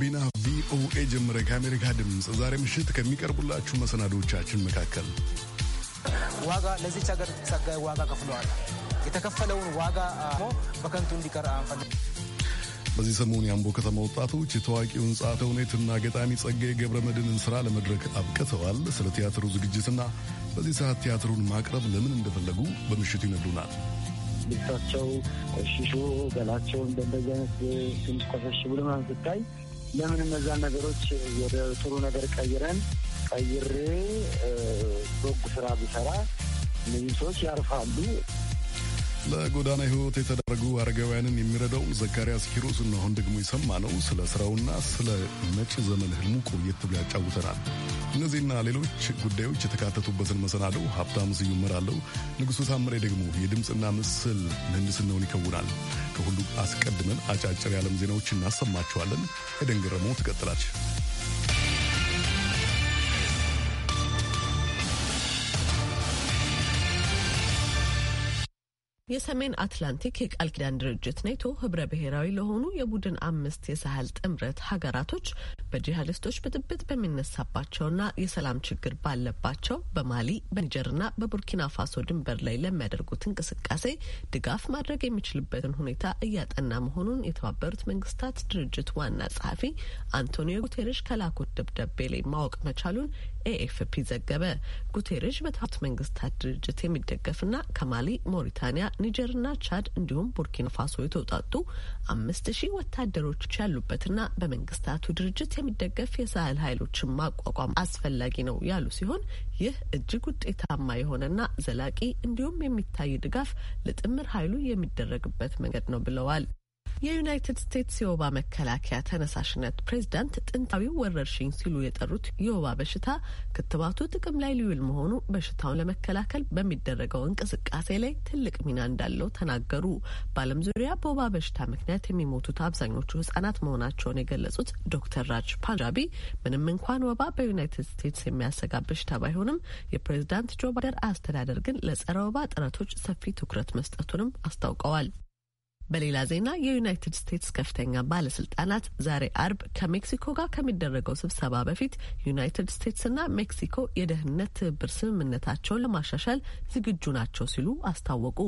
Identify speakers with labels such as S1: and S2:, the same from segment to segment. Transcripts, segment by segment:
S1: ጋቢና ቪኦኤ ጀመረ። ከአሜሪካ ድምፅ ዛሬ ምሽት ከሚቀርቡላችሁ መሰናዶቻችን መካከል
S2: ዋጋ ለዚች ሀገር ጸጋይ ዋጋ ከፍለዋል። የተከፈለውን ዋጋ በከንቱ እንዲቀር አንፈልግም።
S1: በዚህ ሰሞን የአምቦ ከተማ ወጣቶች የታዋቂውን ጸሐፌ ተውኔትና ገጣሚ ጸጋዬ ገብረ መድኅንን ሥራ ለመድረክ አብቅተዋል። ስለ ቲያትሩ ዝግጅትና በዚህ ሰዓት ቲያትሩን ማቅረብ ለምን እንደፈለጉ በምሽቱ ይነግሩናል።
S3: ልብሳቸው ቆሽሾ ገላቸውን በእንደዚህ አይነት ትንሽ ቆሸሽ ብሎ ምናምን ስታይ ለምን እነዛን ነገሮች ወደ ጥሩ ነገር ቀይረን ቀይሬ በጎ ስራ ቢሰራ እነዚህ ሰዎች ያርፋሉ።
S1: ለጎዳና ህይወት የተደረጉ አረጋውያንን የሚረዳውን ዘካርያስ ኪሮስ እና አሁን ደግሞ የሰማ ነው። ስለ ስራውና ስለ መጪ ዘመን ህልሙ ቆየት ብሎ ያጫውተናል። እነዚህና ሌሎች ጉዳዮች የተካተቱበትን መሰናዶ ሀብታሙ ስዩም እመራለሁ። ንጉሡ ታምሬ ደግሞ የድምፅና ምስል ምህንድስናውን ይከውናል። ከሁሉ አስቀድመን አጫጭር የዓለም ዜናዎች እናሰማችኋለን። የደንገረመው ገረመው
S4: የሰሜን አትላንቲክ የቃል ኪዳን ድርጅት ኔቶ ህብረ ብሔራዊ ለሆኑ የቡድን አምስት የሳህል ጥምረት ሀገራቶች በጂሀዲስቶች ብጥብጥ በሚነሳባቸውና የሰላም ችግር ባለባቸው በማሊ በኒጀርና በቡርኪና ፋሶ ድንበር ላይ ለሚያደርጉት እንቅስቃሴ ድጋፍ ማድረግ የሚችልበትን ሁኔታ እያጠና መሆኑን የተባበሩት መንግስታት ድርጅት ዋና ጸሐፊ አንቶኒዮ ጉቴሬሽ ከላኩት ደብዳቤ ላይ ማወቅ መቻሉን ኤኤፍፒ ዘገበ። ጉቴሬሽ በተባበሩት መንግስታት ድርጅት የሚደገፍና ከማሊ፣ ሞሪታንያ፣ ኒጀርና ቻድ እንዲሁም ቡርኪና ፋሶ የተውጣጡ አምስት ሺህ ወታደሮች ያሉበትና በመንግስታቱ ድርጅት የሚደገፍ የሳህል ኃይሎችን ማቋቋም አስፈላጊ ነው ያሉ ሲሆን ይህ እጅግ ውጤታማ የሆነና ዘላቂ እንዲሁም የሚታይ ድጋፍ ለጥምር ኃይሉ የሚደረግበት መንገድ ነው ብለዋል። የዩናይትድ ስቴትስ የወባ መከላከያ ተነሳሽነት ፕሬዚዳንት ጥንታዊው ወረርሽኝ ሲሉ የጠሩት የወባ በሽታ ክትባቱ ጥቅም ላይ ሊውል መሆኑ በሽታውን ለመከላከል በሚደረገው እንቅስቃሴ ላይ ትልቅ ሚና እንዳለው ተናገሩ። በዓለም ዙሪያ በወባ በሽታ ምክንያት የሚሞቱት አብዛኞቹ ህጻናት መሆናቸውን የገለጹት ዶክተር ራጅ ፓንጃቢ ምንም እንኳን ወባ በዩናይትድ ስቴትስ የሚያሰጋ በሽታ ባይሆንም የፕሬዚዳንት ጆ ባይደን አስተዳደር ግን ለጸረ ወባ ጥረቶች ሰፊ ትኩረት መስጠቱንም አስታውቀዋል። በሌላ ዜና የዩናይትድ ስቴትስ ከፍተኛ ባለስልጣናት ዛሬ አርብ ከሜክሲኮ ጋር ከሚደረገው ስብሰባ በፊት ዩናይትድ ስቴትስና ሜክሲኮ የደህንነት ትብብር ስምምነታቸውን ለማሻሻል ዝግጁ ናቸው ሲሉ አስታወቁ።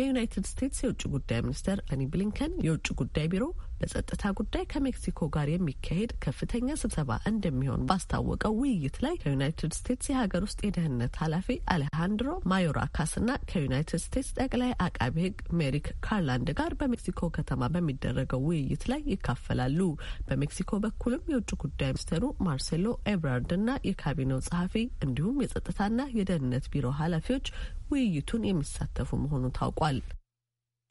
S4: የዩናይትድ ስቴትስ የውጭ ጉዳይ ሚኒስትር አኒ ብሊንከን የውጭ ጉዳይ ቢሮ በጸጥታ ጉዳይ ከሜክሲኮ ጋር የሚካሄድ ከፍተኛ ስብሰባ እንደሚሆን ባስታወቀው ውይይት ላይ ከዩናይትድ ስቴትስ የሀገር ውስጥ የደህንነት ኃላፊ አሌሃንድሮ ማዮራካስ እና ከዩናይትድ ስቴትስ ጠቅላይ አቃቢ ሕግ ሜሪክ ካርላንድ ጋር በሜክሲኮ ከተማ በሚደረገው ውይይት ላይ ይካፈላሉ። በሜክሲኮ በኩልም የውጭ ጉዳይ ሚኒስትሩ ማርሴሎ ኤብራርድ እና የካቢኔው ጸሐፊ እንዲሁም የጸጥታና የደህንነት ቢሮ ኃላፊዎች ውይይቱን የሚሳተፉ መሆኑ ታውቋል።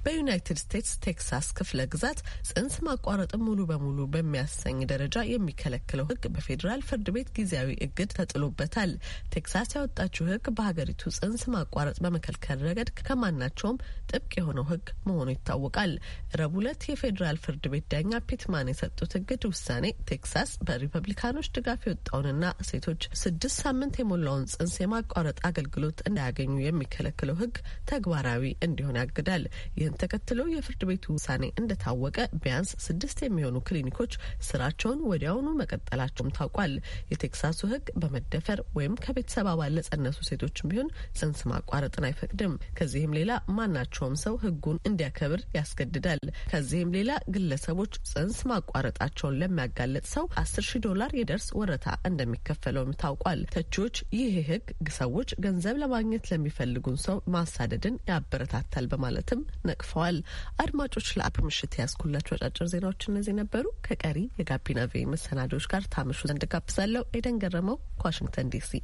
S4: በዩናይትድ ስቴትስ ቴክሳስ ክፍለ ግዛት ጽንስ ማቋረጥን ሙሉ በሙሉ በሚያሰኝ ደረጃ የሚከለክለው ሕግ በፌዴራል ፍርድ ቤት ጊዜያዊ እግድ ተጥሎበታል። ቴክሳስ ያወጣችው ሕግ በሀገሪቱ ጽንስ ማቋረጥ በመከልከል ረገድ ከማናቸውም ጥብቅ የሆነው ሕግ መሆኑ ይታወቃል። ረቡዕ ዕለት የፌዴራል ፍርድ ቤት ዳኛ ፒትማን የሰጡት እግድ ውሳኔ ቴክሳስ በሪፐብሊካኖች ድጋፍ የወጣውንና ሴቶች ስድስት ሳምንት የሞላውን ጽንስ የማቋረጥ አገልግሎት እንዳያገኙ የሚከለክለው ሕግ ተግባራዊ እንዲሆን ያግዳል። ውሳኔን ተከትሎ የፍርድ ቤቱ ውሳኔ እንደታወቀ ቢያንስ ስድስት የሚሆኑ ክሊኒኮች ስራቸውን ወዲያውኑ መቀጠላቸውም ታውቋል። የቴክሳሱ ህግ በመደፈር ወይም ከቤተሰብ አባል ለጸነሱ ሴቶችም ቢሆን ጽንስ ማቋረጥን አይፈቅድም። ከዚህም ሌላ ማናቸውም ሰው ህጉን እንዲያከብር ያስገድዳል። ከዚህም ሌላ ግለሰቦች ጽንስ ማቋረጣቸውን ለሚያጋለጥ ሰው አስር ሺ ዶላር የደርስ ወረታ እንደሚከፈለውም ታውቋል። ተቺዎች ይህ ህግ ሰዎች ገንዘብ ለማግኘት ለሚፈልጉን ሰው ማሳደድን ያበረታታል በማለትም ነቅ ተቃቅፈዋል። አድማጮች ለአርብ ምሽት ያስኩላቸው አጫጭር ዜናዎች እነዚህ ነበሩ። ከቀሪ የጋቢና ቬ መሰናዶዎች ጋር ታመሹ ዘንድ ጋብዛለሁ። ኤደን ገረመው ከዋሽንግተን ዲሲ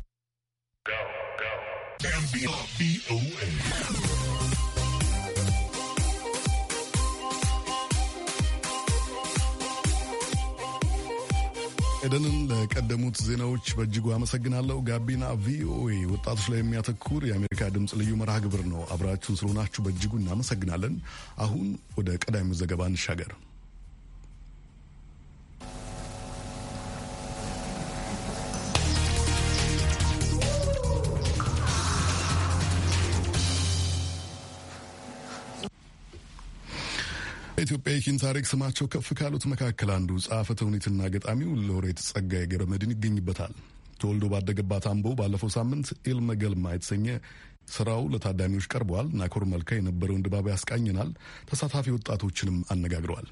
S1: ኤደንን ለቀደሙት ዜናዎች በእጅጉ አመሰግናለሁ። ጋቢና ቪኦኤ ወጣቶች ላይ የሚያተኩር የአሜሪካ ድምፅ ልዩ መርሃ ግብር ነው። አብራችሁን ስለሆናችሁ በእጅጉ እናመሰግናለን። አሁን ወደ ቀዳሚው ዘገባ እንሻገር። በኢትዮጵያ የኪን ታሪክ ስማቸው ከፍ ካሉት መካከል አንዱ ጸሐፌ ተውኔትና ገጣሚው ሎሬት ጸጋዬ ገብረመድኅን ይገኝበታል። ተወልዶ ባደገባት አምቦ ባለፈው ሳምንት ኤልመ ገልማ የተሰኘ ስራው ለታዳሚዎች ቀርበዋል። ናኮር መልካ የነበረውን ድባብ ያስቃኝናል። ተሳታፊ ወጣቶችንም አነጋግረዋል።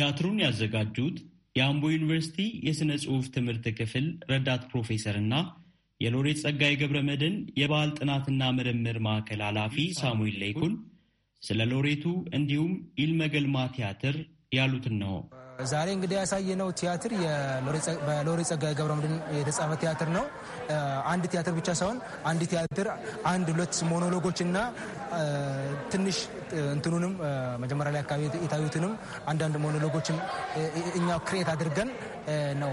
S5: ቲያትሩን ያዘጋጁት የአምቦ ዩኒቨርሲቲ የሥነ ጽሑፍ ትምህርት ክፍል ረዳት ፕሮፌሰር እና የሎሬት ጸጋዬ ገብረ መድን የባህል ጥናትና ምርምር ማዕከል ኃላፊ ሳሙኤል ለይኩን ስለ ሎሬቱ እንዲሁም ኢልመገልማ ቲያትር ያሉትን ነው።
S2: ዛሬ እንግዲህ ያሳየነው ቲያትር በሎሬት ጸጋዬ መድን የተጻፈ ቲያትር ነው። አንድ ቲያትር ብቻ ሳይሆን አንድ ቲያትር አንድ ሁለት ሞኖሎጎች እና ትንሽ እንትኑንም መጀመሪያ ላይ አካባቢ የታዩትንም አንዳንድ ሞኖሎጎችም እኛው ክሬት አድርገን ነው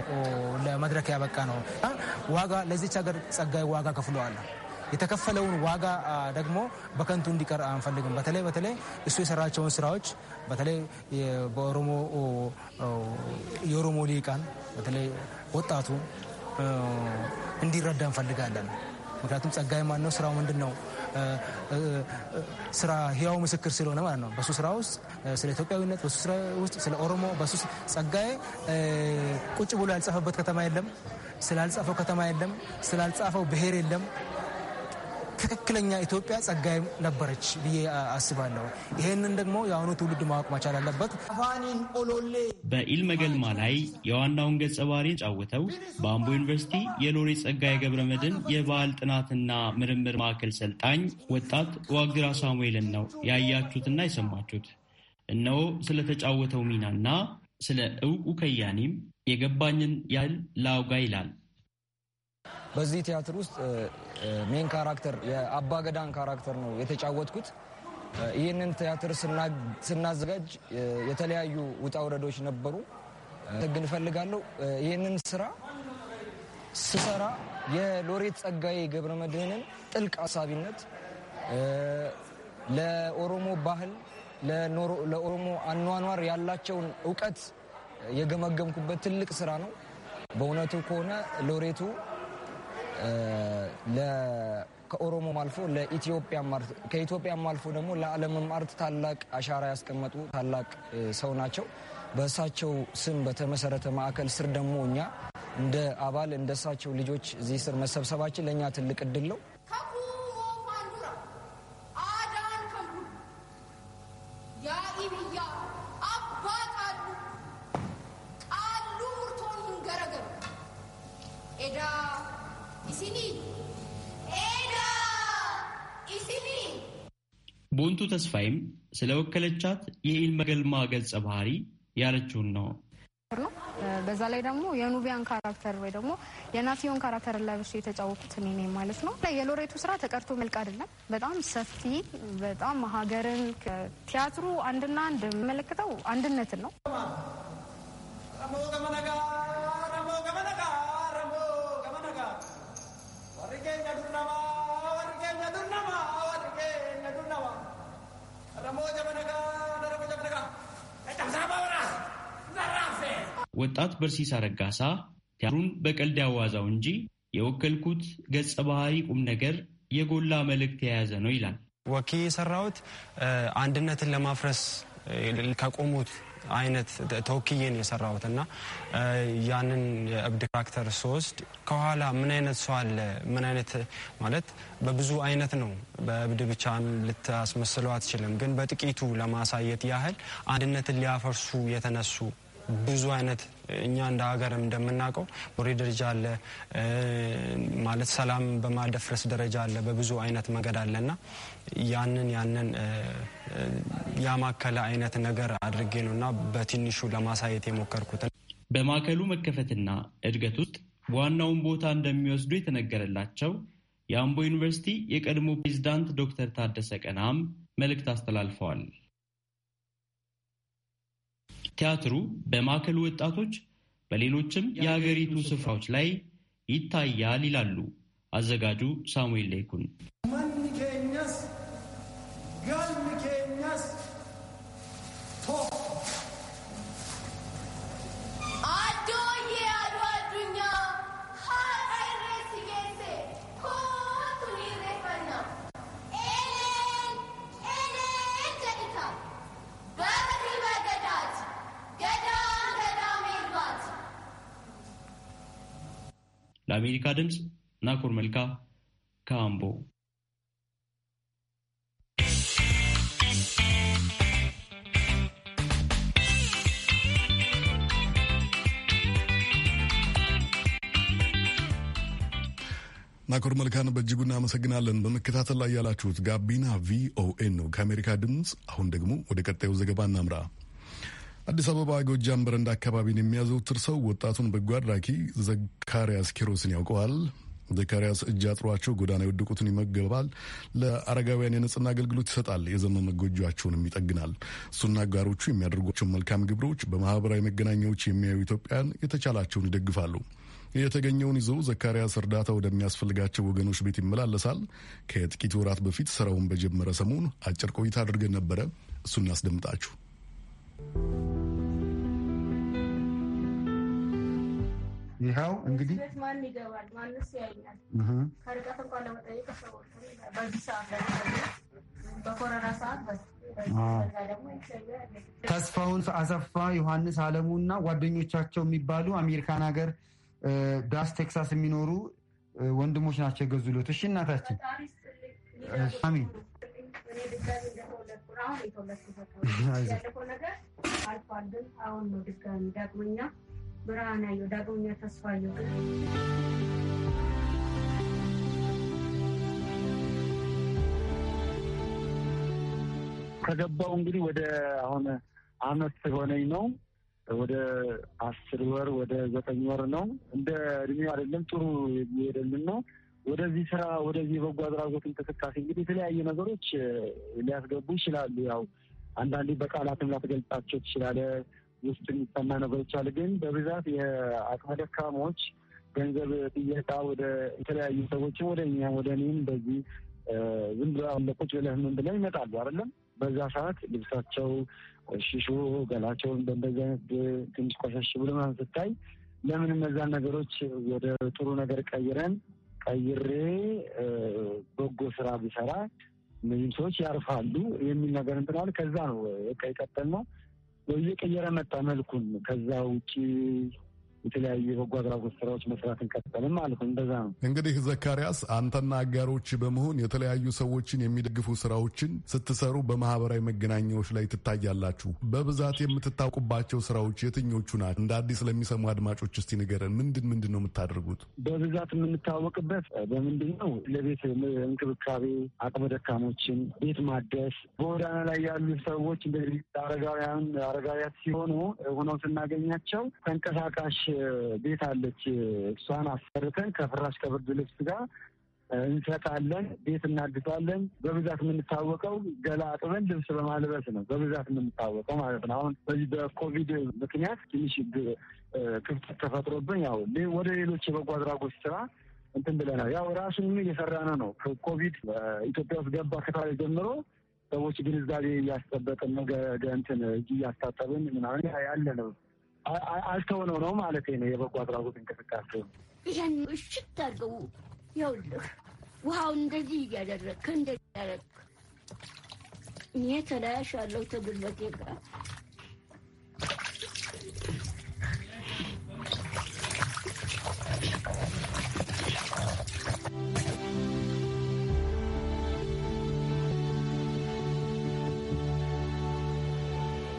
S2: ለመድረክ ያበቃ ነው። ዋጋ ለዚች ሀገር ጸጋይ ዋጋ ከፍለዋል። የተከፈለውን ዋጋ ደግሞ በከንቱ እንዲቀር አንፈልግም። በተለይ በተለይ እሱ የሰራቸውን ስራዎች በተለይ በኦሮሞ የኦሮሞ ሊቃን በተለይ ወጣቱ እንዲረዳ እንፈልጋለን። ምክንያቱም ጸጋዬ ማን ነው ስራው ምንድን ነው? ስራ ህያው ምስክር ስለሆነ ማለት ነው። በሱ ስራ ውስጥ ስለ ኢትዮጵያዊነት፣ በሱ ስራ ውስጥ ስለ ኦሮሞ፣ በሱ ጸጋዬ ቁጭ ብሎ ያልጻፈበት ከተማ የለም፣ ስላልጻፈው ከተማ የለም፣ ስላልጻፈው ብሔር የለም። ትክክለኛ ኢትዮጵያ ጸጋይ ነበረች ብዬ አስባለሁ። ይህንን ደግሞ የአሁኑ ትውልድ ማወቅ መቻል አለበት።
S5: በኢልመገልማ ላይ የዋናውን ገጸ ባህሪ ጫውተው በአምቦ ዩኒቨርሲቲ ጸጋይ ገብረ መድን የባህል ጥናትና ምርምር ማዕከል ሰልጣኝ ወጣት ዋግራ ሳሙኤልን ነው ያያችሁትና የሰማችሁት። እነሆ ስለተጫወተው ሚናና ስለ እውቁ ከያኔም የገባኝን ያህል ላውጋ ይላል።
S2: በዚህ ቲያትር ውስጥ ሜን ካራክተር የአባገዳን ካራክተር ነው የተጫወትኩት። ይህንን ቲያትር ስናዘጋጅ የተለያዩ ውጣ ውረዶች ነበሩ። ግን እፈልጋለሁ ይህንን ስራ ስሰራ የሎሬት ጸጋዬ ገብረመድህንን ጥልቅ አሳቢነት ለኦሮሞ ባህል ለኦሮሞ አኗኗር ያላቸውን እውቀት የገመገምኩበት ትልቅ ስራ ነው። በእውነቱ ከሆነ ሎሬቱ ከኦሮሞም አልፎ ከኢትዮጵያም አልፎ ደግሞ ለዓለምም አርት ታላቅ አሻራ ያስቀመጡ ታላቅ ሰው ናቸው። በእሳቸው ስም በተመሰረተ ማዕከል ስር ደግሞ እኛ እንደ አባል እንደ እሳቸው ልጆች እዚህ ስር መሰብሰባችን ለእኛ ትልቅ እድል
S6: ነው።
S5: ስለወከለቻት የኢል የኢልመ ገልማ ገጸ ባህሪ ያለችውን ነው።
S6: በዛ ላይ ደግሞ የኑቢያን ካራክተር ወይ ደግሞ የናፊዮን ካራክተር ላብሽ የተጫወኩት እኔ ማለት ነው። የሎሬቱ ስራ ተቀርቶ መልቅ አይደለም። በጣም ሰፊ በጣም ሀገርን ቲያትሩ አንድና አንድ የሚመለክተው አንድነትን ነው።
S5: ወጣት በርሲሳ ረጋሳ ቲያትሩን በቀልድ ያዋዛው እንጂ የወከልኩት ገጸ ባህሪ ቁም ነገር የጎላ መልእክት የያዘ ነው ይላል። ወኪ የሰራሁት አንድነትን ለማፍረስ ከቆሙት አይነት ተወክዬን የሰራሁት እና ያንን የእብድ ካራክተር ስወስድ ከኋላ ምን አይነት ሰው አለ? ምን አይነት ማለት በብዙ አይነት ነው። በእብድ ብቻ ልታስመስለው አትችልም። ግን በጥቂቱ ለማሳየት ያህል አንድነትን ሊያፈርሱ የተነሱ ብዙ አይነት እኛ እንደ ሀገርም እንደምናውቀው ወሬ ደረጃ አለ ማለት ሰላም በማደፍረስ ደረጃ አለ፣ በብዙ አይነት መንገድ አለና ያንን ያንን ያማከለ አይነት ነገር አድርጌ ነው እና በትንሹ ለማሳየት የሞከርኩት በማዕከሉ መከፈትና እድገት ውስጥ ዋናውን ቦታ እንደሚወስዱ የተነገረላቸው የአምቦ ዩኒቨርሲቲ የቀድሞ ፕሬዚዳንት ዶክተር ታደሰ ቀናም መልእክት አስተላልፈዋል። ቲያትሩ በማዕከሉ ወጣቶች በሌሎችም የሀገሪቱ ስፍራዎች ላይ ይታያል ይላሉ አዘጋጁ ሳሙኤል ሌኩን። ድምፅ ናኮር መልካ ከአምቦ።
S1: ናኮር መልካን በእጅጉ እናመሰግናለን። በመከታተል ላይ ያላችሁት ጋቢና ቪኦኤ ነው ከአሜሪካ ድምፅ። አሁን ደግሞ ወደ ቀጣዩ ዘገባ እናምራ። አዲስ አበባ ጎጃም በረንዳ አካባቢን የሚያዘወትር ሰው ወጣቱን በጎ አድራጊ ዘካርያስ ኪሮስን ያውቀዋል። ዘካርያስ እጅ አጥሯቸው ጎዳና የወደቁትን ይመገባል፣ ለአረጋውያን የንጽህና አገልግሎት ይሰጣል፣ የዘመመ ጎጇቸውንም ይጠግናል። እሱና አጋሮቹ የሚያደርጓቸውን መልካም ግብሮች በማህበራዊ መገናኛዎች የሚያዩ ኢትዮጵያን የተቻላቸውን ይደግፋሉ። የተገኘውን ይዘው ዘካርያስ እርዳታ ወደሚያስፈልጋቸው ወገኖች ቤት ይመላለሳል። ከጥቂት ወራት በፊት ስራውን በጀመረ ሰሞን አጭር ቆይታ አድርገን ነበረ። እሱን እናስደምጣችሁ። ይኸው እንግዲህ
S6: ማን ይገባል? ማንስ ከርቀት እንኳን ለመጠየቅ ሰዎች በዚህ ሰዓት በኮረና ሰዓት
S3: ተስፋውን አሰፋ፣ ዮሐንስ አለሙ እና ጓደኞቻቸው የሚባሉ አሜሪካን ሀገር ዳስ ቴክሳስ የሚኖሩ ወንድሞች ናቸው የገዙለት። እሺ እናታችን
S6: አሁን የተወለድኩት አካባቢ ያለፈው ነገር አልፏል። ግን አሁን ነው ድጋሚ ዳግመኛ ብርሃን ዳግመኛ ተስፋ ከገባው እንግዲህ
S3: ወደ አሁን አመት ሆነኝ ነው። ወደ አስር ወር ወደ ዘጠኝ ወር ነው። እንደ እድሜው አይደለም ጥሩ የሚሄደልን ነው ወደዚህ ስራ ወደዚህ የበጎ አድራጎት እንቅስቃሴ እንግዲህ የተለያዩ ነገሮች ሊያስገቡ ይችላሉ። ያው አንዳንዴ በቃላትም ላትገልጻቸው ትችላለ። ውስጥ የሚሰማ ነገሮች አለ። ግን በብዛት የአቅመ ደካሞች ገንዘብ ጥየቃ ወደ የተለያዩ ሰዎችም ወደ እኛ ወደ እኔም በዚህ ዝም ብለ አለቆች ብለህምን ብለው ይመጣሉ አይደለም። በዛ ሰዓት ልብሳቸው ሽሹ ገላቸውን በእንደዚህ አይነት ትንሽ ቆሸሽ ብሎ ምናምን ስታይ ለምን እነዛን ነገሮች ወደ ጥሩ ነገር ቀይረን ቀይሬ በጎ ስራ ብሰራ እነዚህም ሰዎች ያርፋሉ የሚል ነገር እንትናል። ከዛ ነው ቀይቀጠል ነው ወይ እየቀየረ መጣ መልኩን። ከዛ ውጭ የተለያዩ የበጎ አድራጎት ስራዎች መስራት እንቀጥለን ማለት ነው። እንደዛ ነው
S1: እንግዲህ። ዘካሪያስ አንተና አጋሮች በመሆን የተለያዩ ሰዎችን የሚደግፉ ስራዎችን ስትሰሩ በማህበራዊ መገናኛዎች ላይ ትታያላችሁ። በብዛት የምትታውቁባቸው ስራዎች የትኞቹ ናቸው? እንደ አዲስ ለሚሰሙ አድማጮች እስቲ ንገረን። ምንድን ምንድን ነው የምታደርጉት?
S3: በብዛት የምንታወቅበት በምንድን ነው? ለቤት እንክብካቤ፣ አቅመ ደካሞችን ቤት ማደስ፣ በጎዳና ላይ ያሉ ሰዎች አረጋውያን አረጋውያት ሲሆኑ ሆነው ስናገኛቸው ተንቀሳቃሽ ቤት አለች። እሷን አሰርተን ከፍራሽ ከብርድ ልብስ ጋር እንሰጣለን። ቤት እናድሳለን። በብዛት የምንታወቀው ገላ አጥበን ልብስ በማልበስ ነው። በብዛት የምንታወቀው ማለት ነው። አሁን በዚህ በኮቪድ ምክንያት ትንሽ ክፍተት ተፈጥሮብን ያው ወደ ሌሎች የበጎ አድራጎት ስራ እንትን ብለናል። ያው ራሱን እየሰራነ ነው። ኮቪድ ኢትዮጵያ ውስጥ ገባ ከታሪ ጀምሮ ሰዎች ግንዛቤ እያስጠበቅን ነው። እንትን እጅ እያስታጠብን ምናምን ያለ ነው። አልተውነው ነው ማለት ነው። የበጎ አድራጎት እንቅስቃሴ
S6: ይህን እሽት አድርገው ይኸውልህ፣ ውሃውን እንደዚህ እያደረግክ እንደዚህ ያደረግክ እኔ ተለያሽ አለው ተጉልበቴ ጋር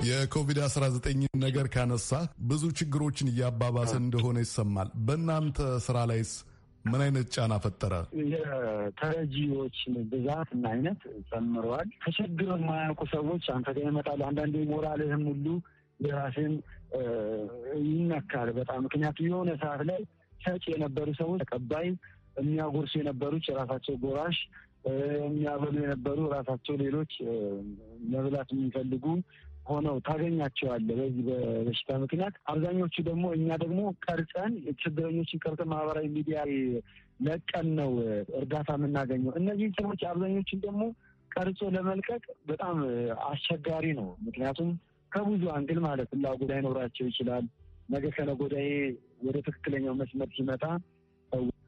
S1: የኮቪድ-19 ነገር ካነሳ ብዙ ችግሮችን እያባባሰ እንደሆነ ይሰማል። በእናንተ ስራ ላይስ ምን አይነት ጫና ፈጠረ?
S3: የተረጂዎች እና አይነት ጨምረዋል። ተቸግረ የማያውቁ ሰዎች አንተ ጋር ይመጣሉ። አንዳንዴ ሞራልህም ሁሉ የራስህን ይነካል በጣም ምክንያቱ የሆነ ሰዓት ላይ ሰጭ የነበሩ ሰዎች ተቀባይ የሚያጎርሱ የነበሩች የራሳቸው ጎራሽ የሚያበሉ የነበሩ ራሳቸው ሌሎች መብላት የሚፈልጉ ሆነው ታገኛቸዋለ በዚህ በበሽታ ምክንያት። አብዛኞቹ ደግሞ እኛ ደግሞ ቀርጸን ችግረኞችን ቀርጸን ማህበራዊ ሚዲያ ለቀን ነው እርዳታ የምናገኘው። እነዚህን ሰዎች አብዛኞችን ደግሞ ቀርጾ ለመልቀቅ በጣም አስቸጋሪ ነው። ምክንያቱም ከብዙ አንግል ማለት ፍላጎት ላይኖራቸው ይችላል። ነገ ከነገ ወደ ትክክለኛው መስመር ሲመጣ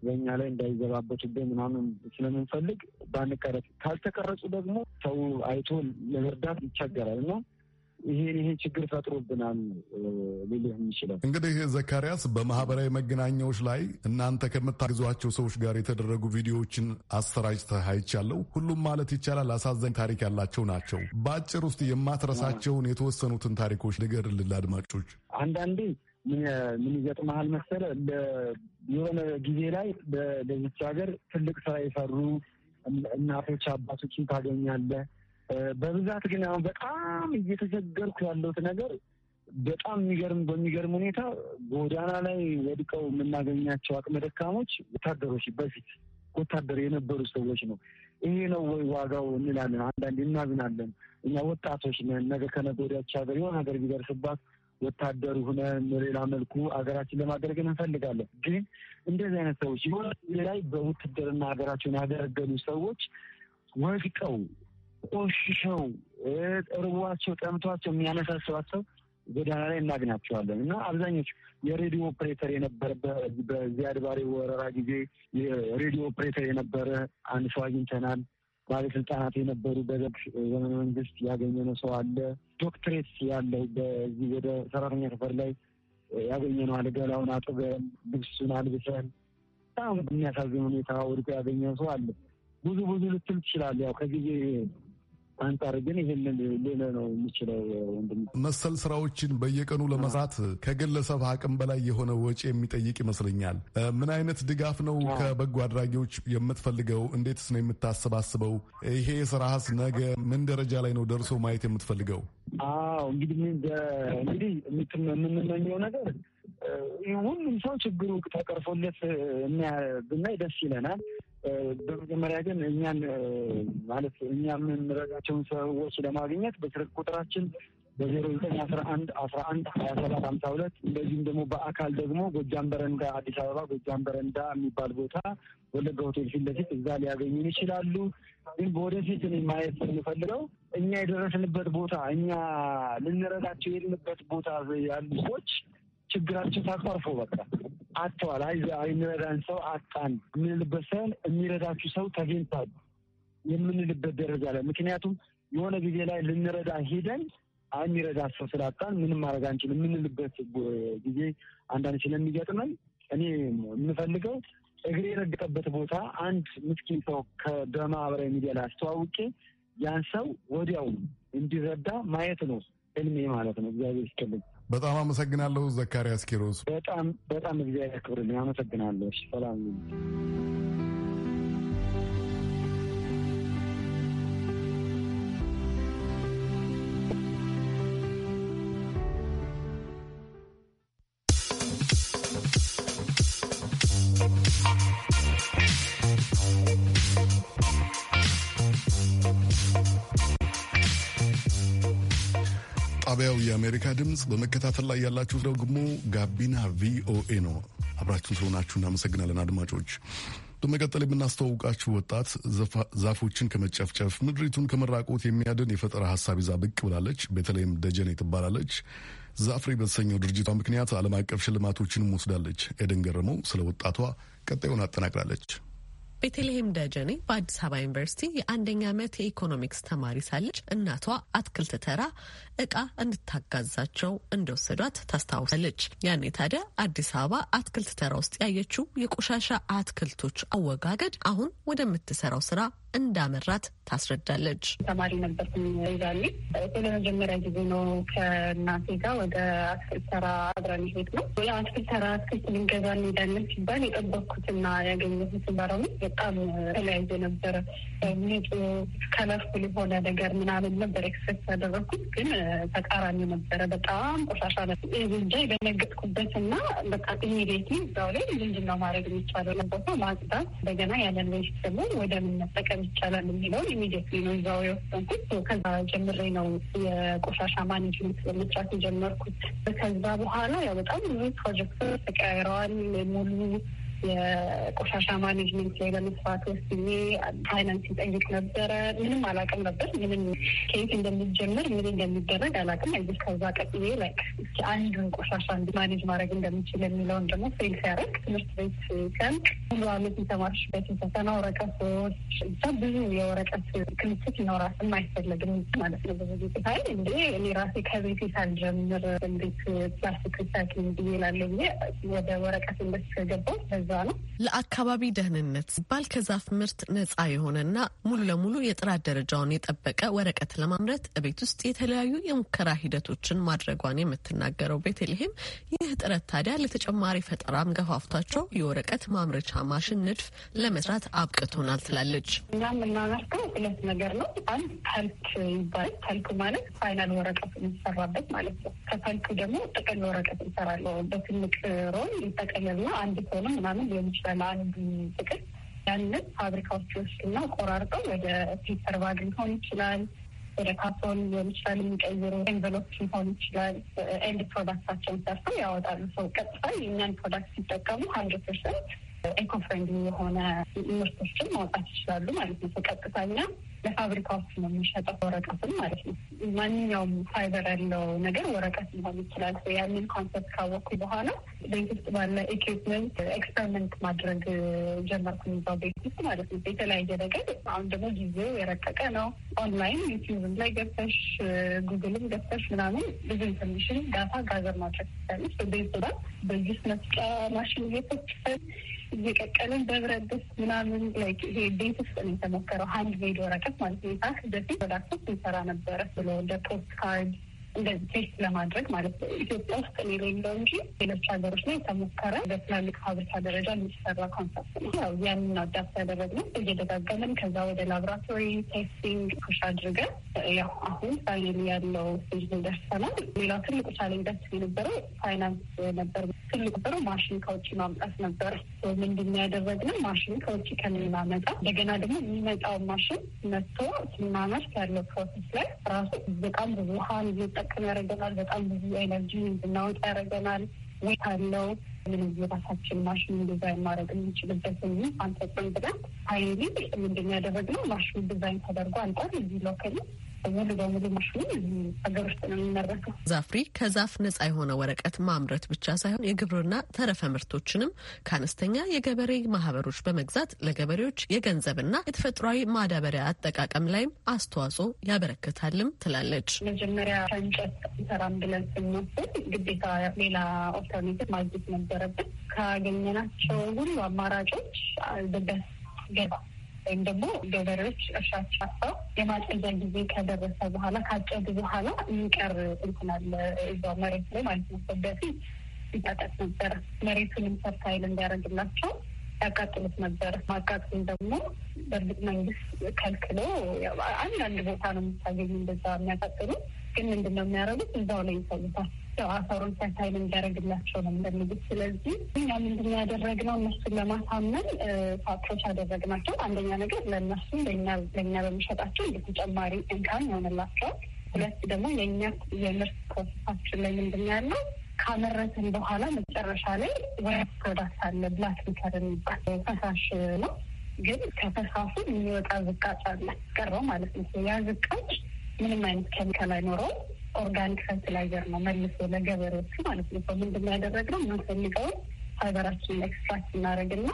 S3: በኛ ላይ እንዳይዘባበቱብን ምናምን ስለምንፈልግ ባንቀረጽ፣ ካልተቀረጹ ደግሞ ሰው አይቶ ለመርዳት ይቸገራል ነው ይሄን ይሄን ችግር ፈጥሮብናል ሊልህ የሚችለው
S1: እንግዲህ ዘካሪያስ፣ በማህበራዊ መገናኛዎች ላይ እናንተ ከምታግዟቸው ሰዎች ጋር የተደረጉ ቪዲዮዎችን አሰራጭተህ አይቻለሁ። ሁሉም ማለት ይቻላል አሳዛኝ ታሪክ ያላቸው ናቸው። በአጭር ውስጥ የማትረሳቸውን የተወሰኑትን ታሪኮች ንገርልን ለአድማጮች።
S3: አንዳንዴ ምን ይገጥመሃል መሰለ የሆነ ጊዜ ላይ በዚች ሀገር ትልቅ ስራ የሰሩ እናቶች አባቶችን ታገኛለህ በብዛት ግን አሁን በጣም እየተቸገርኩ ያለሁት ነገር በጣም የሚገርም በሚገርም ሁኔታ ጎዳና ላይ ወድቀው የምናገኛቸው አቅመ ደካሞች ወታደሮች በፊት ወታደር የነበሩ ሰዎች ነው። ይሄ ነው ወይ ዋጋው እንላለን። አንዳንድ እናዝናለን። እኛ ወጣቶች ነን። ነገ ከነገ ወዲያች ሀገር የሆነ ሀገር ቢደርስባት ወታደሩ ሆነ ሌላ መልኩ ሀገራችን ለማገልገል እንፈልጋለን። ግን እንደዚህ አይነት ሰዎች የሆነ ላይ በውትድርና ሀገራቸውን ያገለገሉ ሰዎች ወድቀው ቆሽሸው እርቧቸው ጠምቷቸው የሚያነሳስባቸው ጎዳና ላይ እናግናቸዋለን እና አብዛኞቹ የሬዲዮ ኦፕሬተር የነበረ በዚህ ባሬ ወረራ ጊዜ የሬዲዮ ኦፕሬተር የነበረ አንድ ሰው አግኝተናል። ባለስልጣናት የነበሩ በደርግ ዘመነ መንግስት ያገኘነው ሰው አለ። ዶክትሬት ያለው በዚህ ወደ ሰራተኛ ሰፈር ላይ ያገኘነው አለ። ገላውን አጥበን ልብሱን አልብሰን በጣም የሚያሳዝን ሁኔታ ወድቆ ያገኘነው ሰው አለ። ብዙ ብዙ ልትል ትችላለህ። ያው ከጊዜ አንጻር ግን ይህንን ሌላ ነው
S1: የሚችለው ወንድም መሰል ስራዎችን በየቀኑ ለመስራት ከግለሰብ አቅም በላይ የሆነ ወጪ የሚጠይቅ ይመስለኛል። ምን አይነት ድጋፍ ነው ከበጎ አድራጊዎች የምትፈልገው? እንዴትስ ነው የምታሰባስበው? ይሄ ስራስ ነገ ምን ደረጃ ላይ ነው ደርሶ ማየት የምትፈልገው?
S3: አዎ እንግዲህ እንግዲህ የምንመኘው ነገር ሁሉም ሰው ችግሩ ተቀርፎለት ብናይ ደስ ይለናል። በመጀመሪያ ግን እኛን ማለት እኛ የምንረዳቸውን ሰዎች ለማግኘት በስልክ ቁጥራችን በዜሮ ዘጠኝ አስራ አንድ አስራ አንድ ሀያ ሰባት ሀምሳ ሁለት እንደዚሁም ደግሞ በአካል ደግሞ ጎጃም በረንዳ አዲስ አበባ ጎጃም በረንዳ የሚባል ቦታ ወለጋ ሆቴል ፊት ለፊት እዛ ሊያገኙን ይችላሉ። ግን በወደፊት እኔ ማየት የምፈልገው እኛ የደረስንበት ቦታ እኛ ልንረዳቸው የሄድንበት ቦታ ያሉ ሰዎች ችግራችን ተቀርፎ በቃ አጥተዋል። የሚረዳን ሰው አጣን የምንልበት ሳይሆን የሚረዳችሁ ሰው ተገኝቷል የምንልበት ደረጃ ላይ ምክንያቱም የሆነ ጊዜ ላይ ልንረዳ ሄደን አይ የሚረዳ ሰው ስላጣን ምንም ማድረግ አንችል የምንልበት ጊዜ አንዳንድ ስለሚገጥመን እኔ የምፈልገው እግሬ የረገጠበት ቦታ አንድ ምስኪን ሰው በማህበራዊ ሚዲያ ላይ አስተዋውቄ ያን ሰው ወዲያው እንዲረዳ ማየት ነው ህልሜ ማለት ነው። እግዚአብሔር ይስጥልኝ። በጣም አመሰግናለሁ ዘካርያስ ኪሮስ። በጣም በጣም እግዚአብሔር ክብርልኝ። አመሰግናለሁ። ሰላም
S1: ከጣቢያው የአሜሪካ ድምፅ በመከታተል ላይ ያላችሁ ደግሞ ጋቢና ቪኦኤ ነው። አብራችሁ ስለሆናችሁ እናመሰግናለን አድማጮች። በመቀጠል የምናስተዋውቃችሁ ወጣት ዛፎችን ከመጨፍጨፍ ምድሪቱን ከመራቆት የሚያድን የፈጠራ ሀሳብ ይዛ ብቅ ብላለች። በተለይም ደጀኔ ትባላለች። ዛፍሬ በተሰኘው ድርጅቷ ምክንያት ዓለም አቀፍ ሽልማቶችንም ወስዳለች። ኤደን ገረመው ስለ ወጣቷ ቀጣዩን አጠናቅራለች።
S4: ቤተልሔም ደጀኔ በአዲስ አበባ ዩኒቨርሲቲ የአንደኛ ዓመት የኢኮኖሚክስ ተማሪ ሳለች እናቷ አትክልት ተራ እቃ እንድታጋዛቸው እንደወሰዷት ታስታውሳለች። ያኔ ታዲያ አዲስ አበባ አትክልት ተራ ውስጥ ያየችው የቆሻሻ አትክልቶች አወጋገድ አሁን ወደምትሰራው ስራ እንዳመራት ታስረዳለች። ተማሪ ነበርኩኝ ይዛኔ መጀመሪያ
S6: ጊዜ ነው ከእናቴ ጋር ወደ አትክልት ተራ አብረን ሄድ ነው። ያው አትክልት ተራ አትክልት ልንገዛ እንሄዳለን ሲባል የጠበኩትና ያገኘሁት ባረሙ በጣም ተለያየ ነበረ። ሚጡ ከለርፉል የሆነ ነገር ምናምን ነበር ኤክስፔክት ያደረግኩት፣ ግን ተቃራኒ ነበረ። በጣም ቆሻሻ ነ ዝንጃ የደነገጥኩበት የደነገጥኩበትና በቃ ኢሚዲየትሊ እዛው ላይ ምንድን ነው ማድረግ የሚቻለው ነበር ማጽዳት፣ እንደገና ያለን ወይስ ደግሞ ወደ ምን መጠቀም መጠቀም ይቻላል የሚለውን ኢሚዲየትሊ ነው ይዛው የወሰንኩት። ከዛ ጀምሬ ነው የቆሻሻ ማኔጅመንት መስራት የጀመርኩት። ከዛ በኋላ ያው በጣም ብዙ ፕሮጀክቶች ተቀያይረዋል ሙሉ የቆሻሻ ማኔጅመንት ላይ በመስፋት ወስኜ ፋይናንስ ይጠይቅ ነበረ። ምንም አላውቅም ነበር። ምንም ከየት እንደሚጀምር ምን እንደሚደረግ አላውቅም። እዚህ ከዛ ቀጥዬ ላይ አንዱን ቆሻሻ ማኔጅ ማድረግ እንደሚችል የሚለውን ደግሞ ፌል ሲያደርግ ትምህርት ቤት ሲያልቅ ሙሉ አመት የተማርሽበት ፈተና ወረቀቶች እዛ ብዙ የወረቀት ክምችት ይኖራል። የማይፈለግም ማለት ነው። ብዙ ጊዜ ሳይ እንደ
S4: እኔ ራሴ ከቤት ሳልጀምር እንዴት ፕላስቲክ ሪሳይክሊንግ ብዬ ላለ ወደ ወረቀት እንደስገባው እየተሰራ ነው። ለአካባቢ ደህንነት ሲባል ከዛፍ ምርት ነፃ የሆነና ሙሉ ለሙሉ የጥራት ደረጃውን የጠበቀ ወረቀት ለማምረት ቤት ውስጥ የተለያዩ የሙከራ ሂደቶችን ማድረጓን የምትናገረው ቤተልሔም፣ ይህ ጥረት ታዲያ ለተጨማሪ ፈጠራም ገፋፍቷቸው የወረቀት ማምረቻ ማሽን ንድፍ ለመስራት አብቅቶናል ትላለች። እኛ የምናመርተው ሁለት ነገር ነው። አንድ ተልክ ይባል። ተልክ ማለት ፋይናል
S6: ወረቀት የሚሰራበት ማለት ነው። ከተልኩ ደግሞ ጥቅል ወረቀት ይሰራለ በትልቅ ሮል ይጠቀለልና አንድ ሆነ ነው ምናምን ሊሆን ይችላል አንዱ ጥቅል ያንን ፋብሪካዎች ውስጥና ቆራርጠው ወደ ፔፐር ባግ ሊሆን ይችላል ወደ ካርቶን ሊሆን ይችላል የሚቀይሩ ኤንቨሎፕ ሊሆን ይችላል ኤንድ ፕሮዳክታቸውን ሰርተው ያወጣሉ። ሰው ቀጥታ የእኛን ፕሮዳክት ሲጠቀሙ ሀንድ ፐርሰንት ኤኮ ፍሬንድ የሆነ ምርቶችን ማውጣት ይችላሉ ማለት ነው። ቀጥታ ለፋብሪካዎች ነው የሚሸጠው ወረቀትም ማለት ነው። ማንኛውም ፋይበር ያለው ነገር ወረቀት ሊሆን ይችላል። ያንን ኮንሰፕት ካወቅኩ በኋላ ቤት ውስጥ ባለ ኢኩፕመንት ኤክስፐሪመንት ማድረግ ጀመርኩ። እዛው ቤት ውስጥ ማለት ነው የተለያየ ነገር። አሁን ደግሞ ጊዜው የረቀቀ ነው። ኦንላይን ዩቲዩብም ላይ ገብተሽ ጉግልም ገብተሽ ምናምን ብዙ ኢንፎርሜሽን ዳታ ጋዘር ማድረግ ይቻለች። በቤት ዙራ በጁስ መስጫ ማሽን ቤቶች እየቀቀልን በብረድስ ምናምን ላይክ ይሄ ቤት ውስጥ ነው የተሞከረው። ሀንድ ሜድ ወረቀት ማለት ነው። ታክ በፊት ወዳሶች እንሰራ ነበረ ብሎ እንደ ፖስት ካርድ እንደዚህ ቴስት ለማድረግ ማለት ነው። ኢትዮጵያ ውስጥ ነው የሌለው እንጂ ሌሎች ሀገሮች ላይ የተሞከረ በትላልቅ ፋብሪካ ደረጃ የሚሰራ ኮንሰፕት ነው። ያው ያንን አዳፕት ያደረግነው እየደጋገመን ከዛ ወደ ላብራቶሪ ቴስቲንግ ፑሽ አድርገን ያው አሁን ፋይናል ያለው ስጅ ደርሰናል። ሌላው ትልቁ ቻሌንጃችን የነበረው ፋይናንስ ነበር። ትልቁ ጥሩ ማሽን ከውጭ ማምጣት ነበር። ምንድን ያደረግንም ማሽን ከውጭ ከምናመጣ እንደገና ደግሞ የሚመጣው ማሽን መጥቶ ስናመርት ያለው ፕሮሴስ ላይ ራሱ በጣም ብዙ ውሃን እየጠቀም ያደረገናል። በጣም ብዙ ኤነርጂ እንድናወጥ ያደረገናል። ወት አለው ምን የራሳችን ማሽን ዲዛይን ማድረግ የሚችልበት ይ አንተጽም ብለን ሀይሊ ምንድን ያደረግነው ማሽን ዲዛይን ተደርጎ አንጠር እዚህ ሎከል ሙሉ በሙሉ ማሽኑ እዚህ ሀገር
S4: ውስጥ ነው የሚመረተው። ዛፍሪ ከዛፍ ነጻ የሆነ ወረቀት ማምረት ብቻ ሳይሆን የግብርና ተረፈ ምርቶችንም ከአነስተኛ የገበሬ ማህበሮች በመግዛት ለገበሬዎች የገንዘብና የተፈጥሯዊ ማዳበሪያ አጠቃቀም ላይም አስተዋጽኦ ያበረክታልም ትላለች። መጀመሪያ ከእንጨት ሰራም ብለን ስንወስድ ግዴታ ሌላ ኦልተርኔቲቭ ማግኘት ነበረብን።
S6: ካገኘናቸው ሁሉ አማራጮች ገባ ወይም ደግሞ ገበሬዎች እርሻች አሰው የማጨጃ ጊዜ ከደረሰ በኋላ ካጨዱ በኋላ የሚቀር እንትናለ እዛ መሬት ላይ ማለት ነው። በፊት ይታጠቅ ነበር። መሬቱንም ሰርታይል እንዲያደርግላቸው ያቃጥሉት ነበር። ማቃጥሉን ደግሞ በእርግጥ መንግስት ከልክሎ አንዳንድ ቦታ ነው የምታገኙ እንደዛ የሚያቃጥሉ ግን ነው የሚያደርጉት እዛው ላይ ይሰሉታል። ያው አፈሩን ፈርታይል እንዲያደርግላቸው ነው እንደሚሉት። ስለዚህ እኛ ምንድን ያደረግነው እነሱን ለማሳመን ፋክቶች ያደረግናቸው አንደኛ ነገር ለእነሱም ለእኛ በሚሸጣቸው እንዲ ተጨማሪ እንካን ይሆንላቸዋል። ሁለት ደግሞ የእኛ የምርት ፕሮሰሳችን ላይ ምንድን ያለው ካመረትን በኋላ መጨረሻ ላይ ወይ ፕሮዳክት አለ ብላክ ሊከር የሚባል ፈሳሽ ነው። ግን ከፈሳሱ የሚወጣ ዝቃጭ አለ ቀረው ማለት ነው። ያ ዝቃጭ ምንም አይነት ኬሚካል አይኖረውም። ኦርጋኒክ ፈርቲላይዘር ነው መልሶ ለገበሬዎቹ ማለት ነው። በምንድን ነው ያደረግነው? የምንፈልገውን ሀገራችን ኤክስትራክት እናደርግና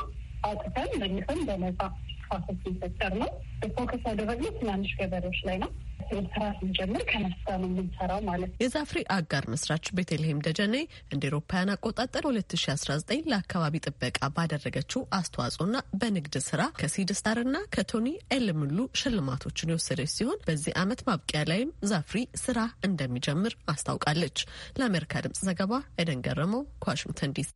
S6: አውጥተን መልሰን በነጻ ፋሶች ሲፈጠር
S4: ነው። ፎከስ ያደረግነው ትናንሽ ገበሬዎች ላይ ነው። ስራ ስንጀምር ከነሱ ነው የምንሰራው ማለት ነው። አጋር መስራች ቤተልሔም ደጀኔ እንደ ኤሮፓያን አቆጣጠር ሁለት ሺ አስራ ዘጠኝ ለአካባቢ ጥበቃ ባደረገችው አስተዋጽኦና በንግድ ስራ ከሲድ ስታር ከቶኒ ኤልምሉ ሽልማቶችን የወሰደች ሲሆን በዚህ አመት ማብቂያ ላይም ዛፍሪ ስራ እንደሚጀምር አስታውቃለች። ለአሜሪካ ድምጽ ዘገባ ኤደን ገረመው ከዋሽንግተን ዲሲ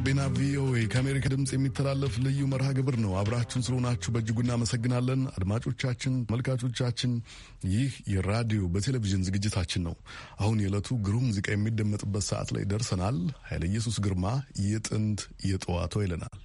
S1: ጋቢና ቪኦኤ ከአሜሪካ ድምፅ የሚተላለፍ ልዩ መርሃ ግብር ነው። አብራችሁን ስለሆናችሁ በእጅጉ እናመሰግናለን። አድማጮቻችን፣ መልካቾቻችን፣ ይህ የራዲዮ በቴሌቪዥን ዝግጅታችን ነው። አሁን የዕለቱ ግሩም ሙዚቃ የሚደመጥበት ሰዓት ላይ ደርሰናል። ኃይለ ኢየሱስ ግርማ የጥንት የጠዋቶ ይለናል።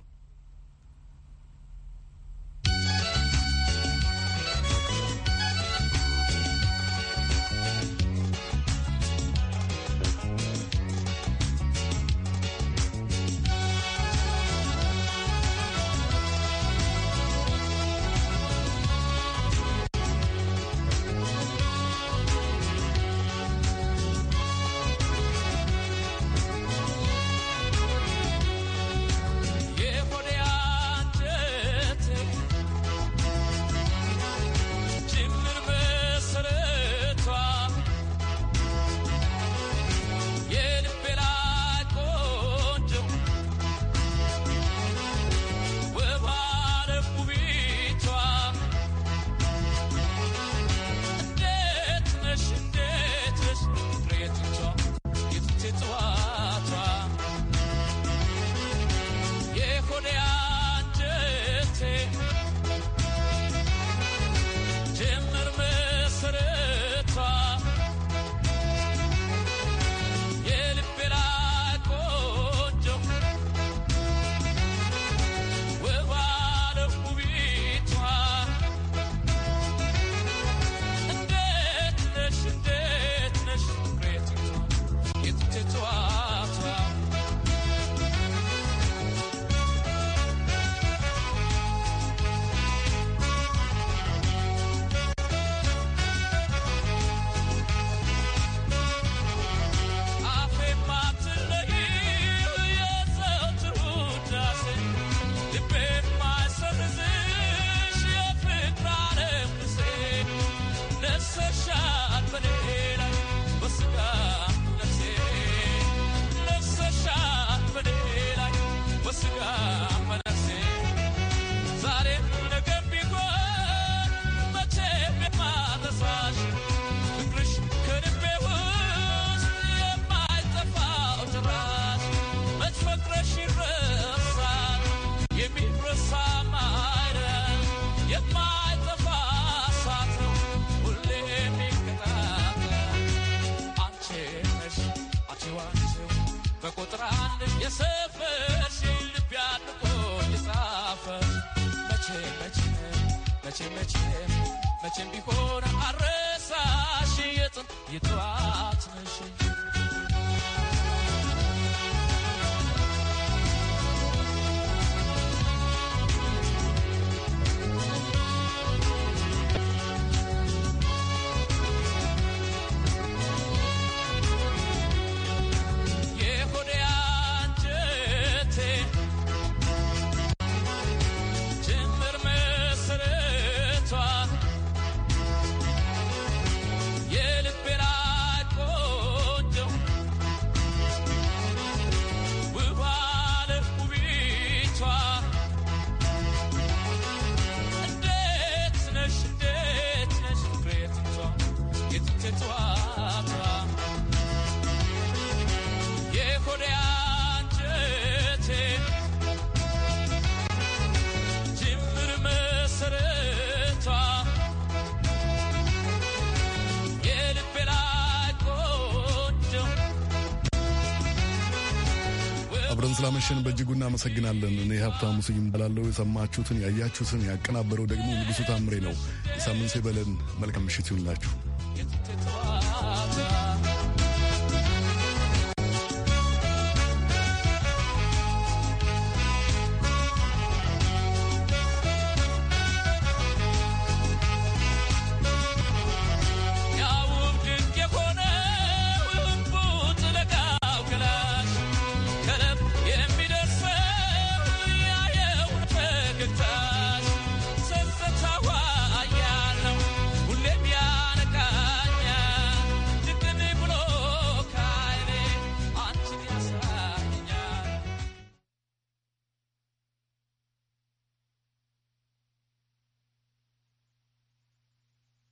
S1: አብረን ስላመሸን በእጅጉ እናመሰግናለን። እኔ ሀብታሙ ስዩም ባላለው የሰማችሁትን ያያችሁትን ያቀናበረው ደግሞ ንጉሱ ታምሬ ነው። የሳምንት በለን መልካም ምሽት ይሁንላችሁ።